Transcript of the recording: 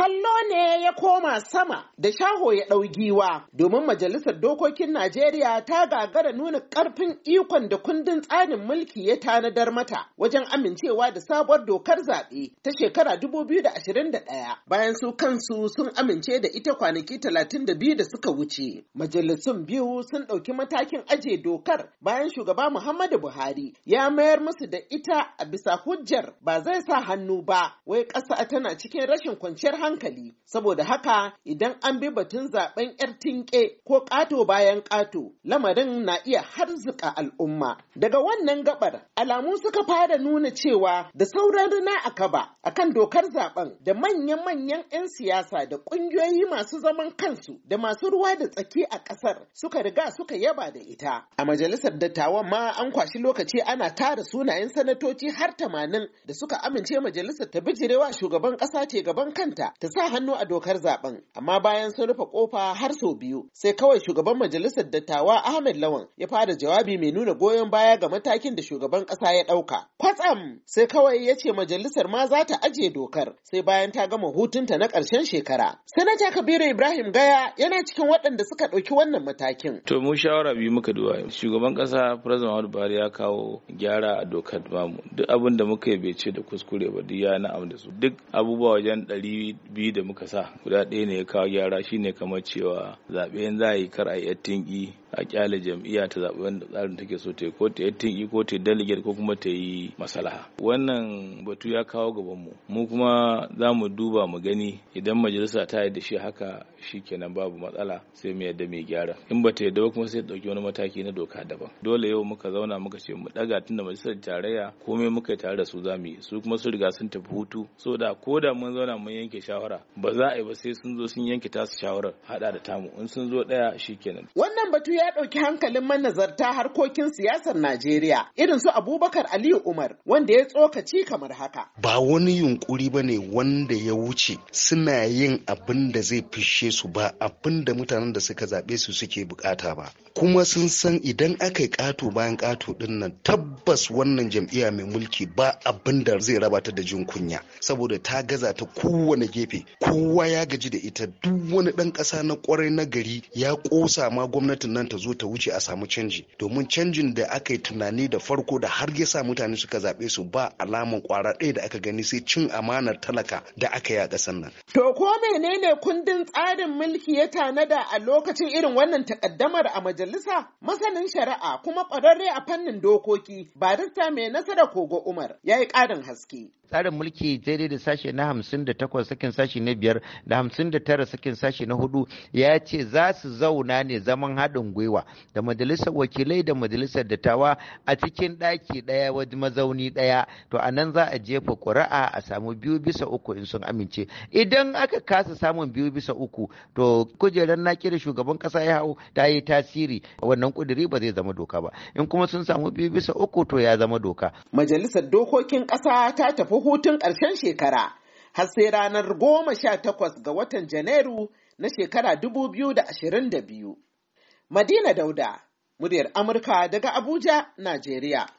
kallo ne ya koma sama da shaho ya ɗau giwa domin majalisar dokokin Najeriya ta gagara nuna ƙarfin ikon da kundin tsarin mulki ya tanadar mata wajen amincewa da sabuwar dokar zaɓe ta shekara 2021 bayan su kansu sun amince da ita kwanaki 32 da suka wuce. Majalisun biyu sun ɗauki matakin aje dokar bayan shugaba Muhammadu Buhari ya mayar musu da ita a bisa hujjar ba zai sa hannu ba wai ƙasa tana cikin rashin kwanciyar hankali. hankali saboda haka idan an bi batun zaben yar tinke ko ƙato bayan ƙato lamarin na iya harzuka al'umma daga wannan gabar alamu suka fara nuna cewa da sauran rina a kaba akan dokar zaben da manyan-manyan 'yan siyasa da ƙungiyoyi masu zaman kansu da masu ruwa da tsaki a ƙasar suka riga suka yaba da ita a majalisar dattawan ma an kwashi lokaci ana tara sunayen sanatoci har tamanin da suka amince majalisar ta bijirewa shugaban ƙasa ce gaban kanta ta sa hannu a dokar zaben amma bayan sun rufe kofa har sau biyu sai kawai shugaban majalisar dattawa Ahmed Lawan ya fara jawabi mai nuna goyon baya ga matakin da shugaban kasa ya dauka kwatsam sai kawai ya ce majalisar ma za ta ajiye dokar sai bayan ta gama hutunta na ƙarshen shekara sanata Kabiru Ibrahim Gaya yana cikin waɗanda suka ɗauki wannan matakin to mu shawara biyu muka duwa shugaban kasa President Muhammadu Buhari ya kawo gyara a dokar bamu duk abin da muka yi bai ce da kuskure ba duk ya na'am da su duk abubuwa wajen ɗari biyu da muka sa guda ɗaya ne ya kawo gyara shine kamar cewa zaɓe za a yi kar a yi a kyale jam'iyya ta zaɓi wanda tsarin take so ta yi ko ta yi tinki ko ta yi delegate ko kuma ta yi masalaha wannan batu ya kawo gabanmu mu kuma za mu duba mu gani idan majalisa ta yi da shi haka shi kenan babu matsala sai mu yadda mai gyara in ba ta yadda kuma sai ta ɗauki wani mataki na doka daban dole yau muka zauna muka ce mu ɗaga tun da majalisar tarayya komai muka tare da su za mu yi su kuma su riga sun tafi hutu so da ko da mun zauna mun yanke shawara shawara ba za a yi ba sai sun zo sun yanke tasu shawarar hada da tamu in sun zo daya shikenan wannan batu ya dauki hankalin manazarta harkokin siyasar Najeriya irin su Abubakar Aliyu Umar wanda ya tsokaci kamar haka ba wani yunkuri bane wanda ya wuce suna yin abin da zai fishe su ba abin da mutanen da suka zabe su suke bukata ba kuma sun san idan aka yi kato bayan kato din nan tabbas wannan jam'iyya mai mulki ba abin da zai rabata da jin kunya saboda ta gaza ta kowane gefe gefe kowa ya gaji da ita duk wani ɗan ƙasa na kwarai na gari ya ƙosa ma gwamnatin nan ta zo ta wuce a samu canji domin canjin da aka yi tunani da farko da har ya sa mutane suka zaɓe su ba alaman kwara ɗaya da aka gani sai cin amanar talaka da aka yi a ƙasar nan. To ko menene kundin tsarin mulki ya tanada a lokacin irin wannan takaddamar a majalisa? Masanin shari'a kuma ƙwararre a fannin dokoki barista mai nasara kogo Umar ya yi ƙarin haske. Tsarin mulki daidai da sashe na hamsin da takwas sakin sashi na biyar da hamsin da tara sakin sashi na hudu ya ce za su zauna ne zaman haɗin gwiwa da majalisar wakilai da majalisar dattawa a cikin ɗaki ɗaya wajen mazauni ɗaya to a nan za a jefa ƙuri'a a samu biyu bisa uku in sun amince idan aka kasa samun biyu bisa uku to kujerar naki shugaban ƙasa ya hau ta yi tasiri wannan ƙuduri ba zai zama doka ba in kuma sun samu biyu bisa uku to ya zama doka majalisar dokokin ƙasa ta tafi hutun ƙarshen shekara har sai ranar goma sha takwas ga watan Janairu na shekara dubu biyu da ashirin da biyu. Madina Dauda, muryar Amurka daga Abuja, Najeriya.